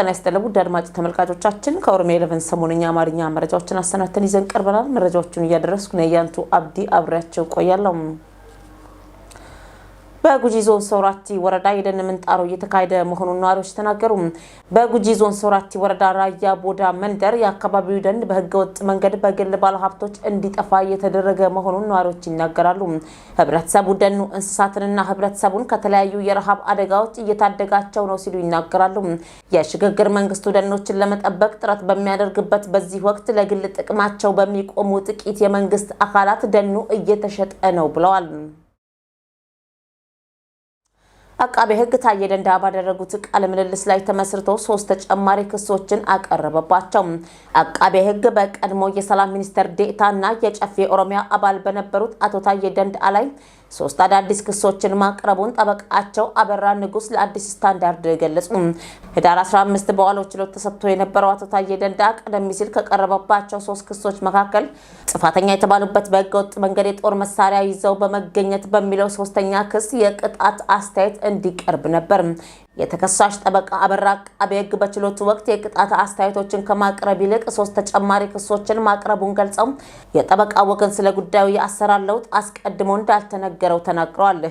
ጤና ይስጥልን ውድ አድማጭ ተመልካቾቻችን ከኦሮሚያ ኤሌቨን ሰሞነኛ አማርኛ መረጃዎችን አሰናድተን ይዘን ቀርበናል። መረጃዎቹን እያደረስኩ ነው ያንቱ አብዲ አብሬያቸው ቆያለሁ። በጉጂ ዞን ሰውራቲ ወረዳ የደን ምንጣሮ እየተካሄደ መሆኑን ነዋሪዎች ተናገሩ። በጉጂ ዞን ሰውራቲ ወረዳ ራያ ቦዳ መንደር የአካባቢው ደን በህገወጥ መንገድ በግል ባለሀብቶች እንዲጠፋ እየተደረገ መሆኑን ነዋሪዎች ይናገራሉ። ህብረተሰቡ ደኑ እንስሳትንና ህብረተሰቡን ከተለያዩ የረሃብ አደጋዎች እየታደጋቸው ነው ሲሉ ይናገራሉ። የሽግግር መንግስቱ ደኖችን ለመጠበቅ ጥረት በሚያደርግበት በዚህ ወቅት ለግል ጥቅማቸው በሚቆሙ ጥቂት የመንግስት አካላት ደኑ እየተሸጠ ነው ብለዋል። አቃቤ ሕግ ታዬ ደንደዓ ባደረጉት ቃለ ምልልስ ላይ ተመስርቶ ሶስት ተጨማሪ ክሶችን አቀረበባቸው። አቃቤ ሕግ በቀድሞ የሰላም ሚኒስትር ዴኤታ የጨፌ ኦሮሚያ አባል በነበሩት አቶ ታዬ ደንደዓ ላይ ሶስት አዳዲስ ክሶችን ማቅረቡን ጠበቃቸው አበራ ንጉስ ለአዲስ ስታንዳርድ ገለጹ። ህዳር 15 በዋለው ችሎት ተሰብቶ የነበረው አቶ ታዬ ደንዳ ቀደም ሲል ከቀረበባቸው ሶስት ክሶች መካከል ጥፋተኛ የተባሉበት በህገወጥ መንገድ የጦር መሳሪያ ይዘው በመገኘት በሚለው ሶስተኛ ክስ የቅጣት አስተያየት እንዲቀርብ ነበር። የተከሳሽ ጠበቃ አበራ አቃቤ ሕግ በችሎቱ ወቅት የቅጣት አስተያየቶችን ከማቅረብ ይልቅ ሶስት ተጨማሪ ክሶችን ማቅረቡን ገልጸው የጠበቃ ወገን ስለ ጉዳዩ የአሰራር ለውጥ አስቀድሞ እንዳልተነገረው ተናግረዋል።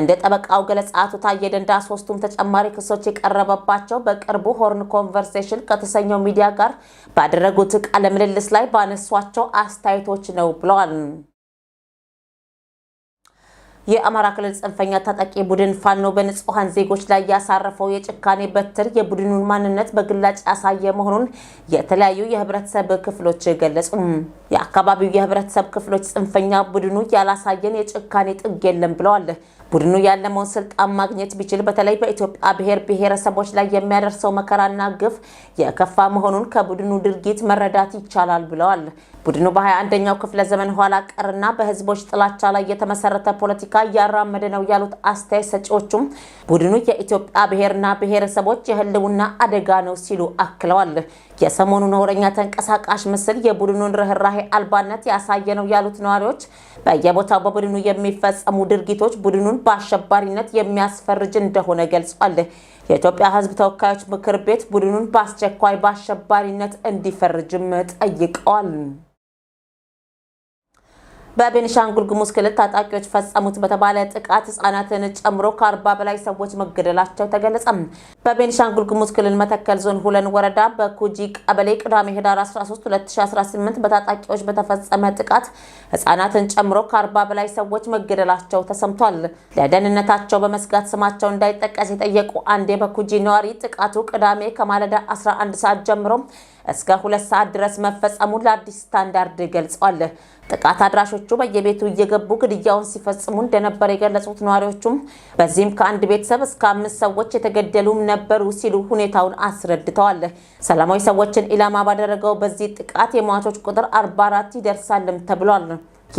እንደ ጠበቃው ገለጻ አቶ ታዬ ደንዳ ሶስቱም ተጨማሪ ክሶች የቀረበባቸው በቅርቡ ሆርን ኮንቨርሴሽን ከተሰኘው ሚዲያ ጋር ባደረጉት ቃለ ምልልስ ላይ ባነሷቸው አስተያየቶች ነው ብለዋል። የአማራ ክልል ጽንፈኛ ታጣቂ ቡድን ፋኖ በንጹሐን ዜጎች ላይ ያሳረፈው የጭካኔ በትር የቡድኑን ማንነት በግላጭ ያሳየ መሆኑን የተለያዩ የህብረተሰብ ክፍሎች ገለጹ። የአካባቢው የህብረተሰብ ክፍሎች ጽንፈኛ ቡድኑ ያላሳየን የጭካኔ ጥግ የለም ብለዋል። ቡድኑ ያለመውን ስልጣን ማግኘት ቢችል በተለይ በኢትዮጵያ ብሔር ብሔረሰቦች ላይ የሚያደርሰው መከራና ግፍ የከፋ መሆኑን ከቡድኑ ድርጊት መረዳት ይቻላል ብለዋል። ቡድኑ በ21ኛው ክፍለ ዘመን ኋላ ቀርና በህዝቦች ጥላቻ ላይ የተመሰረተ ፖለቲካ እያራመደ ነው ያሉት አስተያየት ሰጪዎቹም ቡድኑ የኢትዮጵያ ብሔርና ብሔረሰቦች የህልውና አደጋ ነው ሲሉ አክለዋል። የሰሞኑ ነውረኛ ተንቀሳቃሽ ምስል የቡድኑን ርኅራሄ አልባነት ያሳየ ነው ያሉት ነዋሪዎች በየቦታው በቡድኑ የሚፈጸሙ ድርጊቶች ቡድኑን በአሸባሪነት የሚያስፈርጅ እንደሆነ ገልጿል። የኢትዮጵያ ሕዝብ ተወካዮች ምክር ቤት ቡድኑን በአስቸኳይ በአሸባሪነት እንዲፈርጅም ጠይቀዋል። በቤኒሻንጉል ጉሙዝ ክልል ታጣቂዎች ፈጸሙት በተባለ ጥቃት ህጻናትን ጨምሮ ከአርባ በላይ ሰዎች መገደላቸው ተገለጸ። በቤኒሻንጉል ጉሙዝ ክልል መተከል ዞን ሁለን ወረዳ በኩጂ ቀበሌ ቅዳሜ ህዳር 13 2018 በታጣቂዎች በተፈጸመ ጥቃት ህጻናትን ጨምሮ ከአርባ በላይ ሰዎች መገደላቸው ተሰምቷል። ለደህንነታቸው በመስጋት ስማቸው እንዳይጠቀስ የጠየቁ አንድ የበኩጂ ነዋሪ ጥቃቱ ቅዳሜ ከማለዳ 11 ሰዓት ጀምሮ እስከ ሁለት ሰዓት ድረስ መፈጸሙን ለአዲስ ስታንዳርድ ገልጿል። ጥቃት አድራሾቹ በየቤቱ እየገቡ ግድያውን ሲፈጽሙ እንደነበር የገለጹት ነዋሪዎቹም በዚህም ከአንድ ቤተሰብ እስከ አምስት ሰዎች የተገደሉም ነበሩ ሲሉ ሁኔታውን አስረድተዋል። ሰላማዊ ሰዎችን ኢላማ ባደረገው በዚህ ጥቃት የሟቾች ቁጥር 44 ይደርሳልም ተብሏል።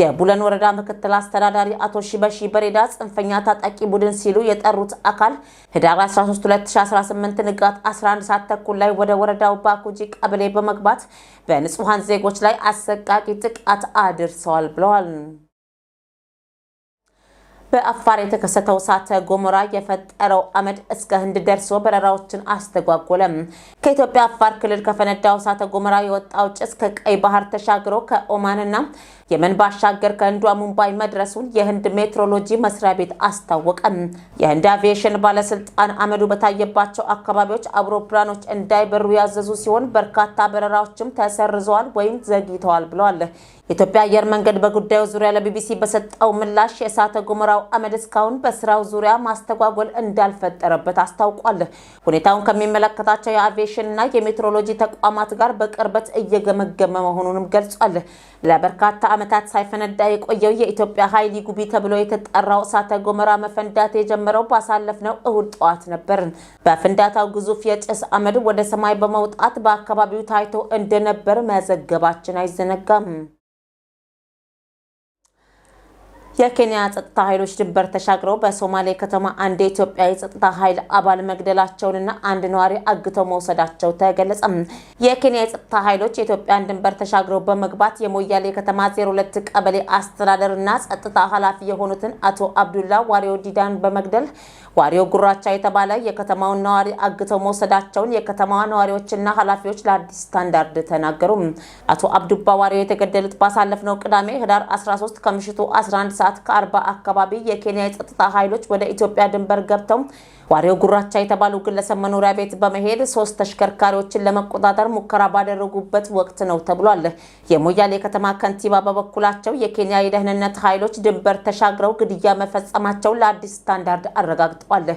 የቡለን ወረዳ ምክትል አስተዳዳሪ አቶ ሺበሺ በሬዳ ጽንፈኛ ታጣቂ ቡድን ሲሉ የጠሩት አካል ህዳር 13 2018 ንጋት 11 ሰዓት ተኩል ላይ ወደ ወረዳው ባኩጂ ቀበሌ በመግባት በንጹሐን ዜጎች ላይ አሰቃቂ ጥቃት አድርሰዋል ብለዋል። በአፋር የተከሰተው እሳተ ገሞራ የፈጠረው አመድ እስከ ህንድ ደርሶ በረራዎችን አስተጓጎለም። ከኢትዮጵያ አፋር ክልል ከፈነዳው እሳተ ገሞራ የወጣው ጭስ ከቀይ ባህር ተሻግሮ ከኦማንና የመን ባሻገር ከህንዷ ሙምባይ መድረሱን የህንድ ሜትሮሎጂ መስሪያ ቤት አስታወቀም። የህንድ አቪዬሽን ባለስልጣን አመዱ በታየባቸው አካባቢዎች አውሮፕላኖች እንዳይበሩ ያዘዙ ሲሆን በርካታ በረራዎችም ተሰርዘዋል ወይም ዘግይተዋል ብለዋል። የኢትዮጵያ አየር መንገድ በጉዳዩ ዙሪያ ለቢቢሲ በሰጠው ምላሽ የእሳተ ገሞራው አመድ እስካሁን በስራው ዙሪያ ማስተጓጎል እንዳልፈጠረበት አስታውቋል። ሁኔታውን ከሚመለከታቸው ና የሜትሮሎጂ ተቋማት ጋር በቅርበት እየገመገመ መሆኑንም ገልጿል። ለበርካታ ዓመታት ሳይፈነዳ የቆየው የኢትዮጵያ ኃይሊ ጉቢ ተብሎ የተጠራው እሳተ ገሞራ መፈንዳት የጀመረው ባሳለፍነው እሁድ ጠዋት ነበር። በፍንዳታው ግዙፍ የጭስ አመድ ወደ ሰማይ በመውጣት በአካባቢው ታይቶ እንደነበር መዘገባችን አይዘነጋም። የኬንያ ጸጥታ ኃይሎች ድንበር ተሻግረው በሶማሌ ከተማ አንድ የኢትዮጵያ የጸጥታ ኃይል አባል መግደላቸውንና አንድ ነዋሪ አግተው መውሰዳቸው ተገለጸ። የኬንያ የጸጥታ ኃይሎች የኢትዮጵያን ድንበር ተሻግረው በመግባት የሞያሌ ከተማ 02 ቀበሌ አስተዳደርና ጸጥታ ኃላፊ የሆኑትን አቶ አብዱላ ዋሪዮ ዲዳን በመግደል ዋሪዮ ጉራቻ የተባለ የከተማውን ነዋሪ አግተው መውሰዳቸውን የከተማዋ ነዋሪዎችና ኃላፊዎች ለአዲስ ስታንዳርድ ተናገሩ። አቶ አብዱባ ዋሪዮ የተገደሉት ባሳለፍነው ቅዳሜ ህዳር 13 ከምሽቱ 11 ሰዓት ከ40 አካባቢ የኬንያ የጸጥታ ኃይሎች ወደ ኢትዮጵያ ድንበር ገብተው ዋሬው ጉራቻ የተባለው ግለሰብ መኖሪያ ቤት በመሄድ ሶስት ተሽከርካሪዎችን ለመቆጣጠር ሙከራ ባደረጉበት ወቅት ነው ተብሏል። የሞያሌ ከተማ ከንቲባ በበኩላቸው የኬንያ የደህንነት ኃይሎች ድንበር ተሻግረው ግድያ መፈጸማቸው ለአዲስ ስታንዳርድ አረጋግጠዋል።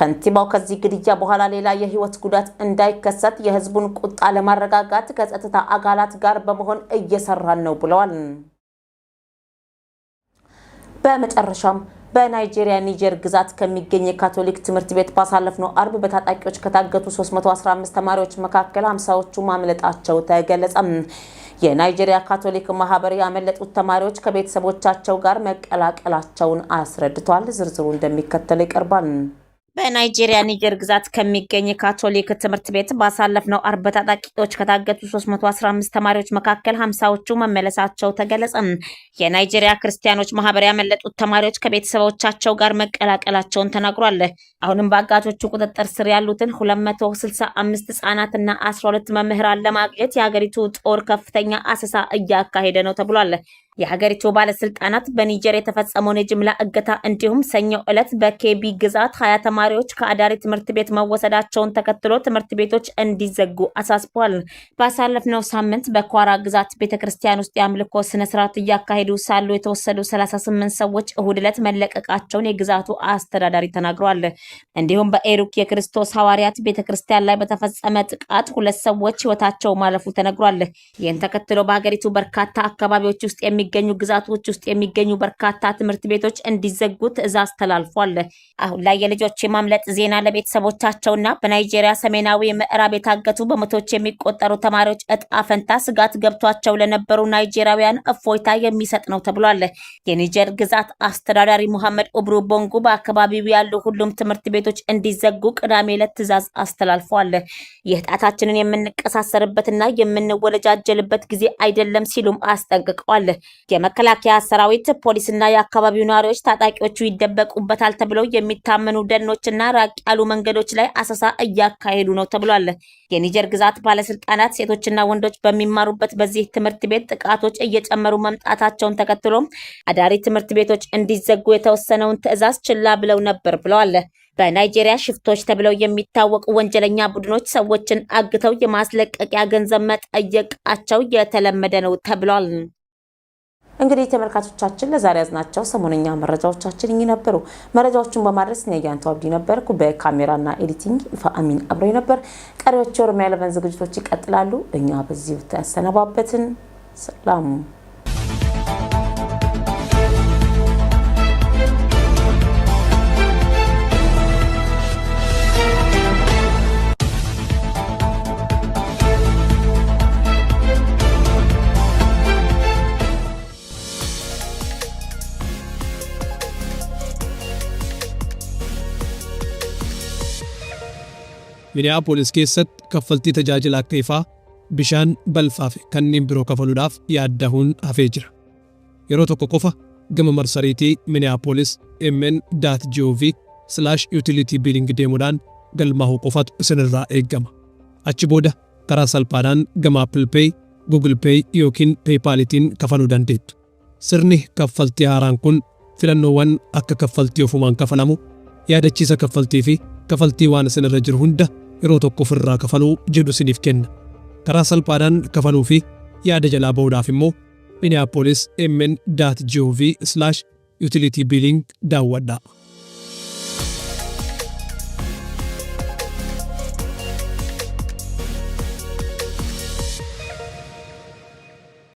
ከንቲባው ከዚህ ግድያ በኋላ ሌላ የህይወት ጉዳት እንዳይከሰት የህዝቡን ቁጣ ለማረጋጋት ከጸጥታ አካላት ጋር በመሆን እየሰራን ነው ብለዋል። በመጨረሻም በናይጄሪያ ኒጀር ግዛት ከሚገኝ የካቶሊክ ትምህርት ቤት ባሳለፍነው አርብ በታጣቂዎች ከታገቱ 315 ተማሪዎች መካከል 50ዎቹ ማምለጣቸው ተገለጸም። የናይጄሪያ ካቶሊክ ማህበር ያመለጡት ተማሪዎች ከቤተሰቦቻቸው ጋር መቀላቀላቸውን አስረድቷል። ዝርዝሩ እንደሚከተለው ይቀርባል። በናይጄሪያ ኒጀር ግዛት ከሚገኝ የካቶሊክ ትምህርት ቤት ባሳለፍነው አርብ ታጣቂዎች ከታገቱ 315 ተማሪዎች መካከል ሀምሳዎቹ መመለሳቸው ተገለጸ። የናይጄሪያ ክርስቲያኖች ማህበር ያመለጡት ተማሪዎች ከቤተሰቦቻቸው ጋር መቀላቀላቸውን ተናግሯል። አሁንም በአጋቾቹ ቁጥጥር ስር ያሉትን 265 ህጻናትና 12 መምህራን ለማግኘት የሀገሪቱ ጦር ከፍተኛ አሰሳ እያካሄደ ነው ተብሏል። የሀገሪቱ ባለስልጣናት በኒጀር የተፈጸመውን የጅምላ እገታ እንዲሁም ሰኞ ዕለት በኬቢ ግዛት ሀያ ተማሪዎች ከአዳሪ ትምህርት ቤት መወሰዳቸውን ተከትሎ ትምህርት ቤቶች እንዲዘጉ አሳስቧል። ባሳለፍነው ሳምንት በኳራ ግዛት ቤተ ክርስቲያን ውስጥ የአምልኮ ስነ ስርዓት እያካሄዱ ሳሉ የተወሰዱ 38 ሰዎች እሁድ ዕለት መለቀቃቸውን የግዛቱ አስተዳዳሪ ተናግሯል። እንዲሁም በኤሩክ የክርስቶስ ሐዋርያት ቤተ ክርስቲያን ላይ በተፈጸመ ጥቃት ሁለት ሰዎች ህይወታቸው ማለፉ ተነግሯል። ይህን ተከትሎ በሀገሪቱ በርካታ አካባቢዎች ውስጥ የሚ በሚገኙ ግዛቶች ውስጥ የሚገኙ በርካታ ትምህርት ቤቶች እንዲዘጉ ትዕዛዝ ተላልፏል። አሁን ላይ የልጆች የማምለጥ ዜና ለቤተሰቦቻቸውና በናይጄሪያ ሰሜናዊ ምዕራብ የታገቱ በመቶዎች የሚቆጠሩ ተማሪዎች እጣ ፈንታ ስጋት ገብቷቸው ለነበሩ ናይጄሪያውያን እፎይታ የሚሰጥ ነው ተብሏል። የኒጀር ግዛት አስተዳዳሪ ሙሐመድ ኡብሩ ቦንጉ በአካባቢው ያሉ ሁሉም ትምህርት ቤቶች እንዲዘጉ ቅዳሜ ዕለት ትዕዛዝ አስተላልፏል። ይህ ጣታችንን የምንቀሳሰርበትና የምንወለጃጀልበት ጊዜ አይደለም ሲሉም አስጠንቅቀዋል። የመከላከያ ሰራዊት፣ ፖሊስና የአካባቢው ነዋሪዎች ታጣቂዎቹ ይደበቁበታል ተብለው የሚታመኑ ደኖችና ራቅ ያሉ መንገዶች ላይ አሰሳ እያካሄዱ ነው ተብሏል። የኒጀር ግዛት ባለስልጣናት ሴቶችና ወንዶች በሚማሩበት በዚህ ትምህርት ቤት ጥቃቶች እየጨመሩ መምጣታቸውን ተከትሎ አዳሪ ትምህርት ቤቶች እንዲዘጉ የተወሰነውን ትዕዛዝ ችላ ብለው ነበር ብለዋል። በናይጄሪያ ሽፍቶች ተብለው የሚታወቁ ወንጀለኛ ቡድኖች ሰዎችን አግተው የማስለቀቂያ ገንዘብ መጠየቃቸው የተለመደ ነው ተብሏል። እንግዲህ ተመልካቾቻችን ለዛሬ ያዝናቸው ሰሞነኛ መረጃዎቻችን እኚህ ነበሩ። መረጃዎቹን በማድረስ ነያንተ አብዲ ነበርኩ። በካሜራና ኤዲቲንግ ይፋ አሚን አብሮኝ ነበር። ቀሪዎቹ ኦሮሚያ ኤሌቨን ዝግጅቶች ይቀጥላሉ። እኛ በዚህ ተሰነባበትን። ሰላም Miniyaapolis keessatti kaffaltii tajaajila akka ifaa, bishaan balfaa kanneen biroo kafaluudhaaf yaaddahuun hafee jira. Yeroo tokko qofa gama marsariitii Miniyaapolis mn.gov/utility biling deemuudhaan galmaa'uu qofatu irraa eeggama. Achi booda karaa salphaadhaan gama Apple Pay, Google Pay yookiin PayPaalitiin kafaluu dandeettu. Sirni kaffaltii haaraan kun filannoowwan akka kaffaltii ofumaan kafanamu, yaadachiisa kaffaltii fi kaffaltii waan isinirra jiru hunda yeroo tokko ofirraa kafaluu jedhu isiniif kenna. Karaa salphaadhaan kafaluu fi yaada jalaa bahuudhaaf immoo minneapolis mn.gov/utility billing daawwadhaa.